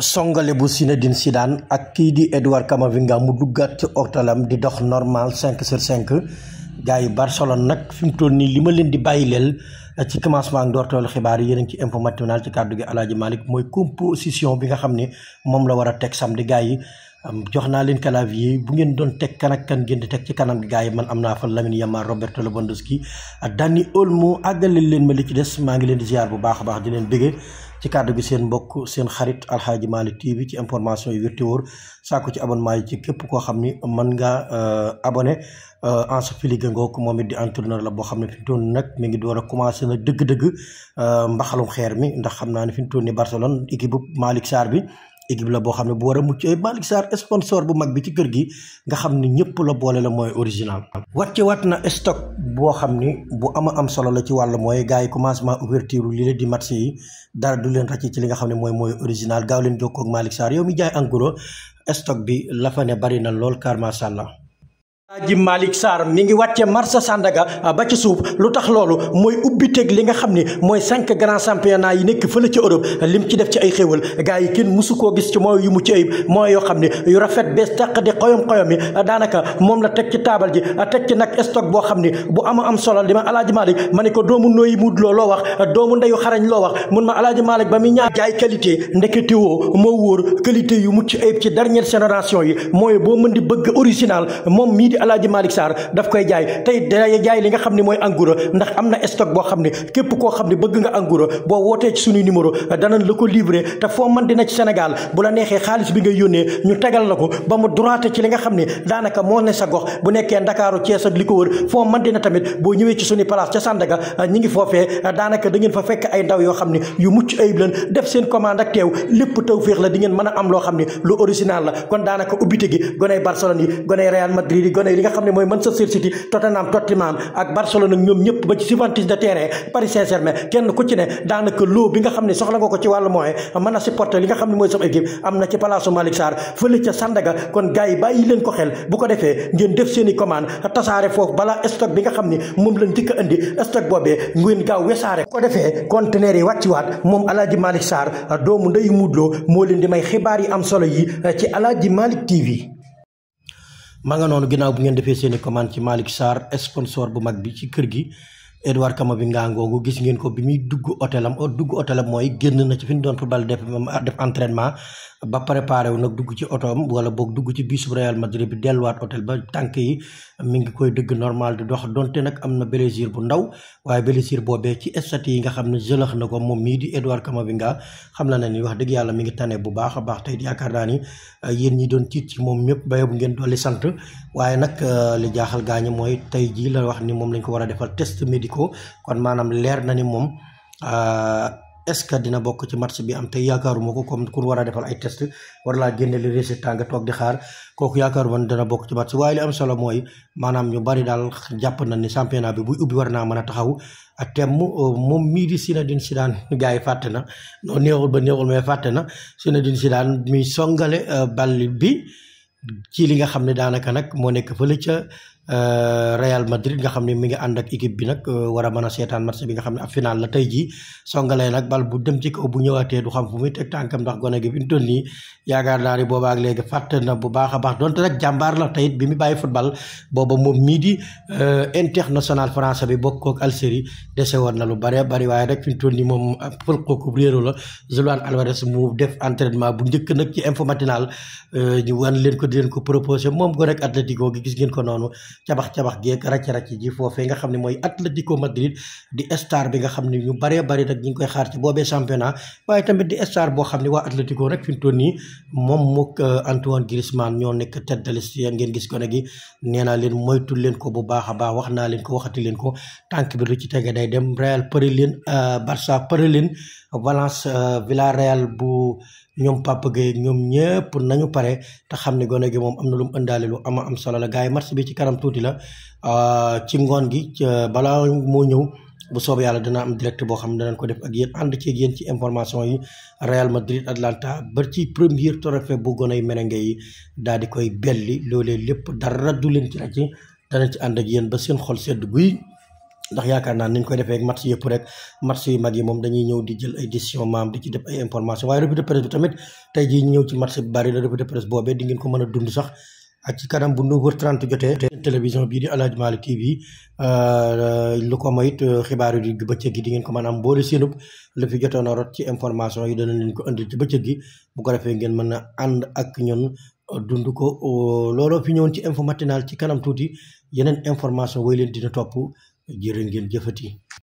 songale bu Zinedine Zidane ak kii di Edouard nga mu duggaat ci ortalam di dox normal 5 sur 5 gars yi Barcelone nag fi mu toll nii li ma leen di bàyyi leel ci commencement ak ndoorteelu xibaar yi yéen ci info matinal ci kàddu gi Alaaji Malick mooy composition bi nga xam ne moom la war a teg samedi gars yi jox naa leen clavier bu ngeen doon teg kan ak kan ngeen di teg ci kanam gi yi man am naa fa Lamine Yamal Roberto Lewandowski Dani Olmo àggaleel leen ma li ci des maa ngi leen di ziar bu baax a baax di leen bëggee. ci kàddu gi seen mbokk seen xarit Aladji Malick TV ci information yi wér te wóor sàkku ci abonnement yi ci képp koo xam ni euh, mën ngaa euh, abonné euh, Ansa Filiga Ngoog moom it di entraîneur la boo xam ne fi mu toll nag mi ngi door a commencé nag dëgg-dëgg mbaxalum xeer mi ndax xam naa ne fi mu toll ni Barcelone équipe bu Malick Sarr bi équipe la boo xam ne bu war a mucc ay Malick Sarr sponsor bu mag bi ci kër gi nga xam ne ñëpp la boole la mooy original. wàcce wat na stock boo xam ne bu ama am solo la ci wàll mooy gars yi commencement ouverture li leen di match yi dara du leen ràcc ci li nga xam ne mooy mooy original gaaw leen jokkoo ak Malick Sarr yow mi jaay en stock bi lafane fa bari na lool car macha allah Aji Malick Sarr mi ngi wàcce marsa Sandaga ah, ba ci suuf lu tax loolu mooy ubbi teg li nga xam ni mooy cinq grands championnats yi nekk fële ca Europe lim ci def ci ay xéwal gars yi kenn musu ko gis ci mooy yu mucc ci ayib mooy yoo xam ni yu rafet bees tàq di xoyom xoyom yi ah, daanaka moom la teg ci taabal ji a ah, teg ci nag stock boo xam ni bu ama am solo li ma Alaaji Malick ma ne ko doomu nooy mu loo loo wax doomu ndeyu xarañ loo wax mun ma Alaaji Malick ba muy ñaar jaay qualité ndeketewoo moo wóor qualité yu mucc ayib ci dernière génération yi mooy boo mën di Alaaji Malick Sarr daf koy jaay tey day jaay li nga xam ne mooy angura ndax am na stock boo xam ne képp koo xam ne bëgg nga angura boo wootee ci suñu numéro danañ la ko livrer te foo mën dina ci Sénégal bu la neexee xaalis bi ngay yónnee ñu tegal la ko ba mu droité ci li nga xam ne daanaka moo ne sa gox bu nekkee Ndakaaru Thiès ak li ko wër foo mën dina tamit boo ñëwee ci suñu place ca Sandaga ñi ngi foofee daanaka da ngeen fa fekk ay ndaw yoo xam ne yu mucc ayib lan def seen commande ak lépp taw féex la di ngeen mën am loo xam ne lu original la kon li nga xam ne mooy Manchester City Tottenham Tottenham ak Barcelone ak ñoom ñëpp ba ci Juventus de terrain Paris Saint-Germain kenn ku ci ne daanaka loo bi nga xam ne soxla nga ko ci wàll moyen mën a supporter li nga xam ne mooy sama équipe am na ci palaasu Malick Sarr fële kon gars yi bàyyi leen ko xel bu ko defee ngeen def seen i commande tasaare foofu balaa stock bi nga xam ne moom lañ njëkk a indi stock boobee ngeen gaaw wesaare bu ko defee conteneur yi wàcciwaat moom Alaaji malik Sarr doomu ndeyu Modou moo leen di may xibaar yi am solo yi ci Aladji Malick TV maa nga noonu ginnaaw bu ngeen defee seen i commande ci Malick Sarr sponsor bu mag bi ci kër gi bi nga ngoogu gis ngeen ko bi muy dugg hôtelam oh, dugg hôtelam mooy génn na ci fi ñu doon football def def entraînement ba préparé wu nag dugg ci otoom wala boog dugg ci bisu Real Madrid bi delluwaat hôtel ba tànk mi ngi koy dëgg normal di dox donte nag am na blessure bu ndaw waaye blessure boobee ci stade yi nga xam ne na ko moom mii di Edouard Camavinga xam na ne ni wax dëgg yàlla mi ngi tane bu baax a baax tey yaakaar naa ni eh, yéen ñi doon tiit ci moom ñëpp ba bu ngeen doo sant waaye nag eh, li jaaxal gaañu mooy tey jii la wax ni moom lañ ko war a defal test médical jikko kon maanaam leer na ni moom euh, est-ce que dina bokk ci match bi am te yaakaaruma ko comme war a defal ay test war laa génne li résultat toog di xaar kooku yaakaaruma ne dina bokk ci match waaye li am solo mooy maanaam ñu bari daal jàpp na ni championnat bi buy ubbi war naa man a taxaw tem euh, moom mii di Zinedine Zidane gaa yi fàtte na noo néewul ba néewul mais fàtte na si Zidane muy songale euh, bal bi ci li nga xam ne daanaka nag moo nekk fële ca Euh, Real Madrid nga xam ne mi ngi ànd ak équipe bi nag euh, war a mën a seetaan match bi nga xam ne ab final la tey jii songalee nag bal bu dem ci kaw bu ñëwaatee du xam fu muy teg tànkam ndax gone gi bi ñu toll nii yaakaar naa ne boobaak léegi fàtte na bu baax a baax donte nag jàmbaar la tey it bi mu bàyyi football booba moom mii di euh, international français bi bokk kook Algérie dese woon na lu bare bari waaye rek fi ñu moom nii moom fulkooku réero la Julián Álvarez mu def entraînement bu njëkk nag ci info matinal ñu wan leen ko di leen ko proposé moom go rek Atlético gi gis ngeen ko noonu cabax-cabax geeg racc-racc ji foofee nga xam ne mooy Atlético Madrid di star bi nga xam ne ñu baree bari nag ñu ngi koy xaar ci boobee championnat waaye tamit di star boo xam ne waa Atlético rek fi mu toll nii moom mook euh, Antoine Griezmann ñoo nekk tête de liste ngeen gis ko ne gi nee naa leen moytul leen ko bu baax a baax wax naa leen ko waxatu leen ko tànk bi lu ci tege day dem Real përi leen euh, Barça përi leen Valence euh, Villarreal bu ñoom Papa Gueye ñoom ñëpp nañu pare te xam ne gone gi moom am na lu mu ëndaale lu ama am solo la gars yi match bi ci kanam tuuti la euh, ci ngoon gi balaa moo ñëw bu soobee yàlla dana am direct boo xam ne danañ ko def ak yéen ànd ceeg yéen ci information yi Real Madrid Atlanta ba ci premier trophée bu gone yi merengue yi daal di koy belli loolee lépp dara du leen ci ràcc dana ci ànd ak yéen ba seen xol sedd guy. ndax yaakaar naa niñ koy defee ak match yëpp rek match yu mag yi moom dañuy ñëw di jël ay décision maam di ci def ay information waaye revue de presse bi tamit bari la revue de presse boobee di a dund sax ak ci kanam bu 9h30 jotee télévision bii di Aladji Malick euh, ko moyit euh, xibaar di bëccëg gi di ngeen ko mën a am boole seenub la fi jotoon a rot ci information leen ko indi ci bëccëg gi bu ko defee ngeen mën a ànd ak ñun euh, dund ko looloo fi ñëwoon ci info ci kanam tuuti yeneen information woy leen dina topp jërë ngeen jëfati